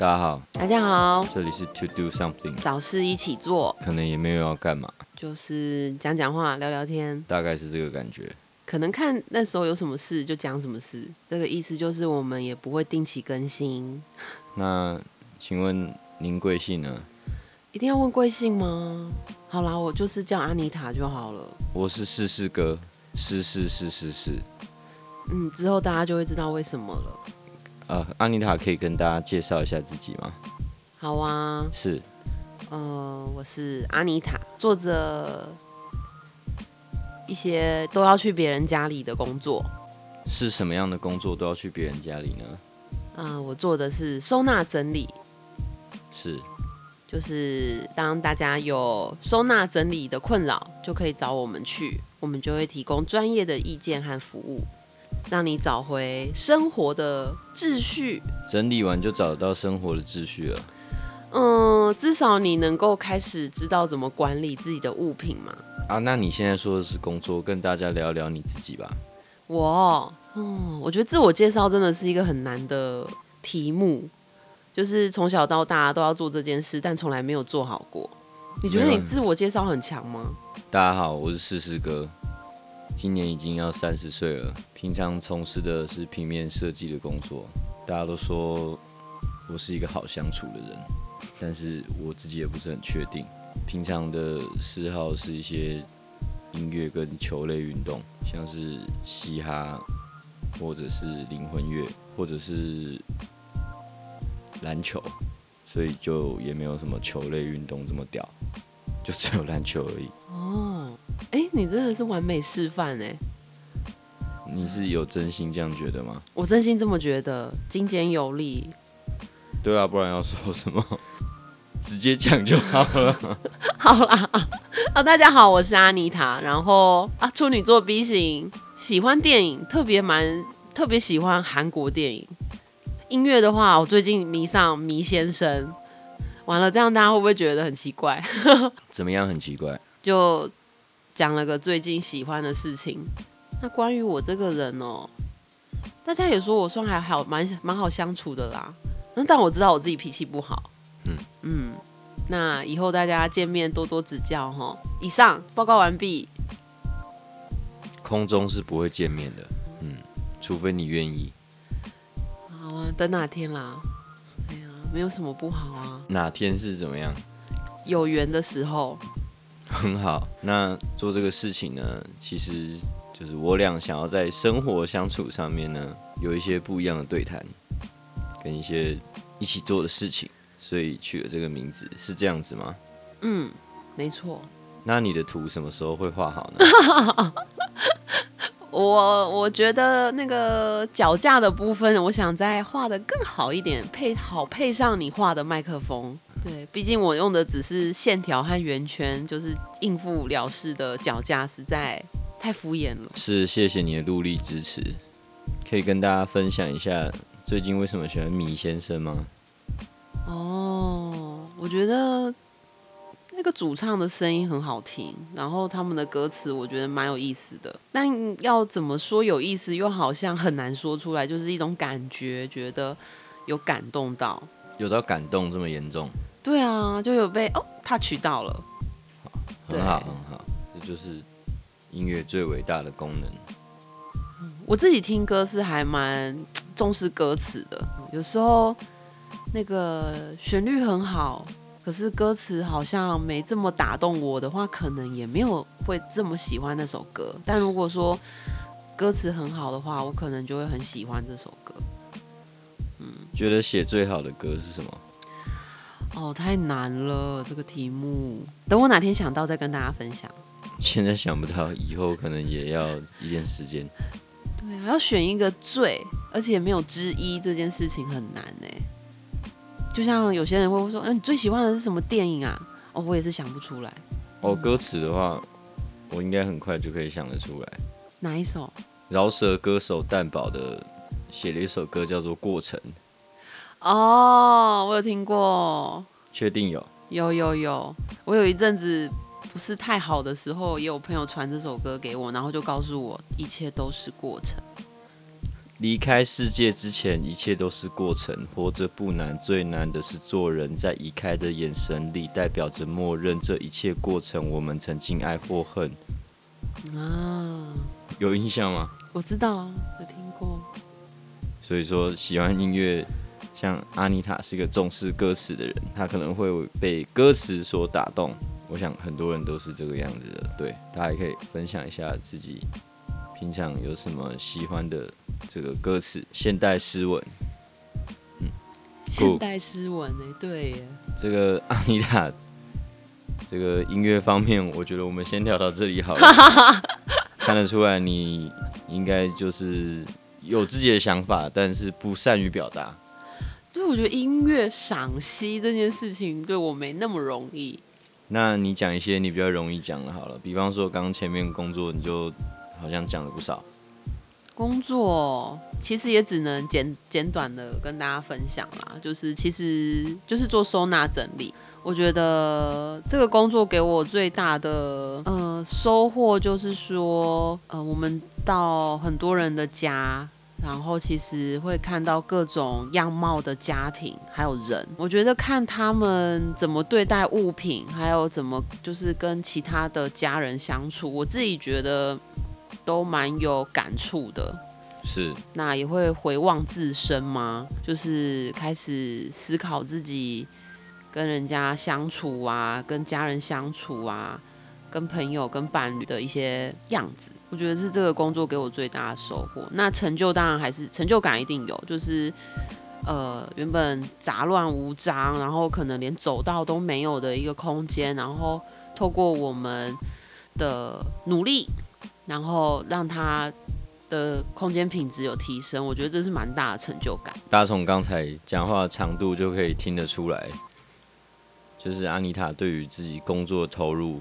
大家好，大家好，這裡是 To Do Something，找事一起做，可能也沒有要幹嘛，就是講講話，聊聊天，大概是這個感覺，可能看那時候有什麼事就講什麼事，這個意思就是我們也不會定期更新。那請問您貴姓呢？一定要問貴姓嗎？好啦，我就是叫阿妮塔就好了。我是是是哥，是是是是是。嗯，之後大家就會知道為什麼了。呃，阿妮塔可以跟大家介紹一下自己嗎？好啊，是，呃，我是阿妮塔，做着一些都要去別人家裡的工作。是什麼樣的工作都要去別人家裡呢？嗯、呃，我做的是收納整理，是，就是當大家有收納整理的困擾，就可以找我們去，我們就會提供專業的意見和服務。讓你找回生活的秩序，整理完就找到生活的秩序了。嗯，至少你能夠開始知道怎麼管理自己的物品嘛。啊，那你現在說的是工作，跟大家聊聊你自己吧。我、哦，嗯，我覺得自我介紹真的是一個很難的題目，就是從小到大都要做這件事，但從來沒有做好過。你覺得你自我介紹很強嗎？大家好，我是是是哥。今年已經要三十歲了，平常從事的是平面設計的工作。大家都說我是一個好相處的人，但是我自己也不是很確定。平常的嗜好是一些音樂跟球類運動，像是嘻哈，或者是靈魂樂，或者是籃球。所以就也沒有什麼球類運動這麼屌，就只有籃球而已。你真的是完美示範，欸，、你是有真心這樣覺得嗎？我真心這麼覺得，精簡有力。對啊，不然要說什麼？直接講就好了。 好啦，啊，大家好，我是阿妮塔。然後啊，處女座 B 型，喜歡電影，特別蠻特別喜歡韓國電影。音樂的話，我最近迷上迷先生。完了，這樣大家會不會覺得很奇怪？ 怎麼樣，很奇怪？就。講了個最近喜歡的事情，那關於我這個人哦、喔，大家也說我算還好，蠻蠻好相處的啦。但我知道我自己脾氣不好，嗯嗯，那以後大家見面多多指教吼，以上報告完畢。空中是不會見面的，嗯，除非你願意。好啊，等哪天啦、啊？哎呀，沒有什麼不好啊。哪天是怎麼樣？有緣的時候。很好，那做這個事情呢，其實就是我倆想要在生活相處上面呢，有一些不一樣的對談，跟一些一起做的事情，所以取了這個名字，是這樣子嗎？嗯，沒錯。那你的圖什麼時候會畫好呢？ 我我覺得那個腳架的部分，我想再畫得更好一點，配好配上你畫的麥克風。對，畢竟我用的只是線條和圓圈，就是應付了事的腳架，實在太敷衍了。是，謝謝你的陸力支持。可以跟大家分享一下最近為什麼喜歡麋先生嗎？哦，oh, 我覺得那個主唱的聲音很好聽，然後他們的歌詞我覺得蠻有意思的。但要怎麼說有意思，又好像很難說出來，就是一種感覺，覺得有感動到，有到感動這麼嚴重。對啊，就有被哦，touch 到了，好，對很好，很好，這就是音樂最偉大的功能。我自己聽歌是還蠻重視歌詞的，有時候那個旋律很好，可是歌詞好像沒這麼打動我的話，可能也沒有會這麼喜歡那首歌。但如果說歌詞很好的話，我可能就會很喜歡這首歌。嗯，覺得寫最好的歌是什麼？哦，太難了，這個題目。等我哪天想到再跟大家分享。現在想不到，以後可能也要一點時間。 對，我要選一個最，而且沒有之一這件事情很難哎。就像有些人會說：“哎、呃，你最喜歡的是什麼電影啊？”哦，我也是想不出來。哦，歌詞的話，嗯、我應該很快就可以想得出來。哪一首？饒舌歌手蛋堡的寫了一首歌，叫做《過程》。哦，oh, 我有聽過，確定有，有有有，我有一陣子不是太好的時候，也有朋友傳這首歌給我，然後就告訴我一切都是過程。離開世界之前，一切都是過程，活着不難，最難的是做人。在移開的眼神裡，代表着默認這一切過程。我們曾經愛或恨，啊，有印象嗎？我知道，有聽過。所以說，喜歡音樂。像阿妮塔是一個重視歌詞的人，他可能會被歌詞所打動。我想很多人都是這個樣子的，對。大家還可以分享一下自己平常有什麼喜歡的這個歌詞，現代詩文。嗯，Good、現代詩文哎、欸，對。這個阿妮塔，這個音樂方面，我覺得我們先跳到這裡好了。 看得出來，你應該就是有自己的想法，但是不善於表達。我覺得音樂賞析這件事情對我沒那麼容易。那你講一些你比較容易講的，好了，比方說剛剛前面工作，你就好像講了不少。工作其實也只能簡簡短的跟大家分享啦，就是其實就是做收納整理。我覺得這個工作給我最大的呃收穫就是說，呃，我們到很多人的家。然後其實會看到各種樣貌的家庭，還有人。我覺得看他們怎麼對待物品，還有怎麼就是跟其他的家人相處，我自己覺得都蠻有感觸的。是，那也會回望自身嗎？就是開始思考自己跟人家相處啊，跟家人相處啊。跟朋友、跟伴侶的一些樣子，我覺得是這個工作給我最大的收穫。那成就當然還是成就感一定有，就是呃原本雜亂無章，然後可能連走道都沒有的一個空間，然後透過我們的努力，然後讓他的空間品質有提升，我覺得這是蠻大的成就感。大家從剛才講話的長度就可以聽得出來，就是阿妮塔對於自己工作的投入，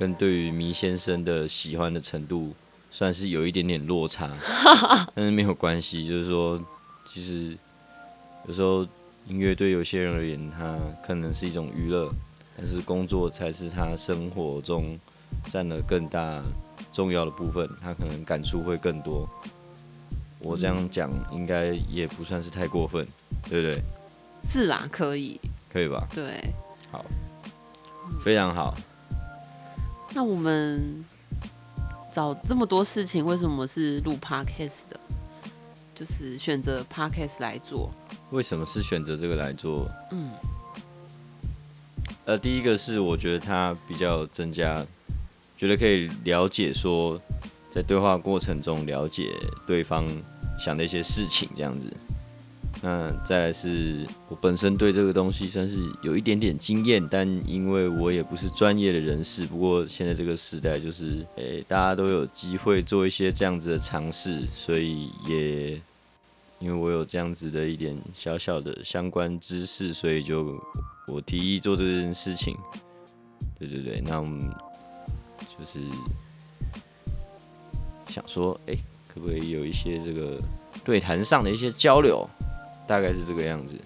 跟對於迷先生的喜歡的程度，算是有一點點落差， 但是沒有關係。就是說，其實有時候音樂對有些人而言，他可能是一種娛樂，但是工作才是他生活中佔了更大重要的部分，他可能感觸會更多。嗯、我這樣講應該也不算是太過分，對不對？自然可以，可以吧？對，好，非常好。嗯那我們找這麼多事情，為什麼是錄 Podcast 的？就是選擇 Podcast 來做。為什麼是選擇這個來做？嗯，呃，第一個是我覺得它比較增加，覺得可以了解說，在對話過程中了解對方想的一些事情，這樣子。那再來是我本身對這個東西算是有一點點經驗，但因為我也不是專業的人士，不過現在這個時代就是誒、欸，大家都有機會做一些這樣子的嘗試，所以也因為我有這樣子的一點小小的相關知識，所以就我提議做這件事情。對對對，那我們就是想說，哎、欸，可不可以有一些這個對談上的一些交流？大概是這個樣子，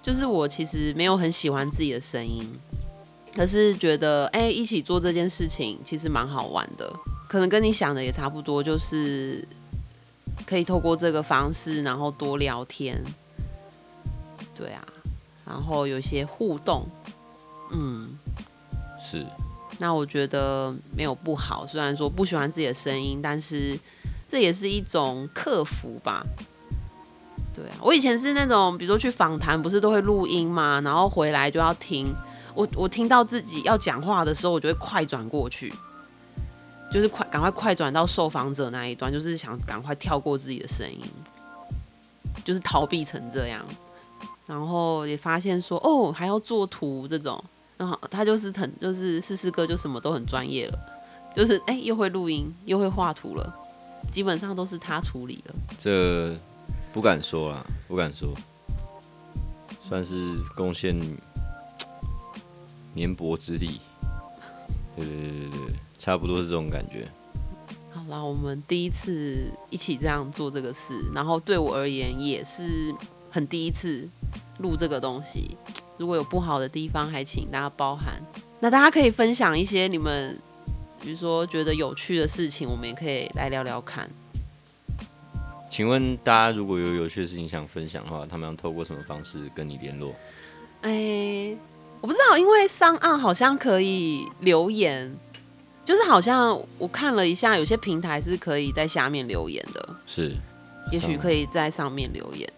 就是我其實沒有很喜歡自己的聲音，可是覺得哎、欸，一起做這件事情其實蠻好玩的，可能跟你想的也差不多，就是可以透過這個方式，然後多聊天，對啊，然後有些互動，嗯，是，那我覺得沒有不好，雖然說不喜歡自己的聲音，但是這也是一種克服吧。對啊，我以前是那種，比如說去訪談，不是都會錄音嘛，然後回來就要聽。我我聽到自己要講話的時候，我就會快轉過去，就是快趕快快轉到受訪者那一段，就是想趕快跳過自己的聲音，就是逃避成這樣。然後也發現說，哦，還要做圖這種，然後他就是很，就是是是哥就什麼都很專業了，就是哎又會錄音又會畫圖了，基本上都是他處理的。這。不敢說啦，不敢說，算是貢獻綿薄之力。對對對對對，差不多是這種感覺。好啦，我們第一次一起這樣做這個事，然後對我而言也是很第一次錄這個東西。如果有不好的地方，還請大家包涵。那大家可以分享一些你們，比如說覺得有趣的事情，我們也可以來聊聊看。請問大家，如果有有趣的事情想分享的話，他們要透過什麼方式跟你聯絡？哎、欸，我不知道，因為上岸好像可以留言，就是好像我看了一下，有些平台是可以在下面留言的。是，也許可以在上面留言。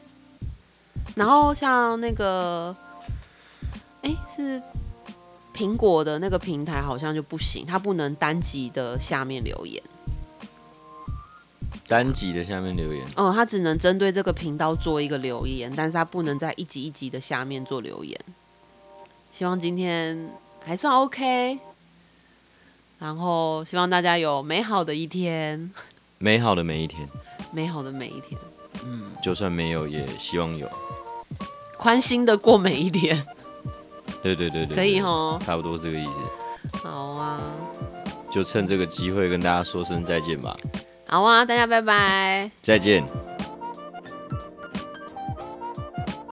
然後像那個，哎、欸，是蘋果的那個平台好像就不行，它不能單集的下面留言，單集的下面留言哦、嗯，他只能針對這個頻道做一個留言，但是他不能在一集一集的下面做留言。希望今天還算 OK，然後希望大家有美好的一天，美好的每一天，美好的每一天，嗯，就算沒有也希望有，寬心的過每一天，對對對，對對對對，可以哦，差不多這個意思，好啊，就趁這個機會跟大家說聲再見吧。好啊，大家拜拜，再見。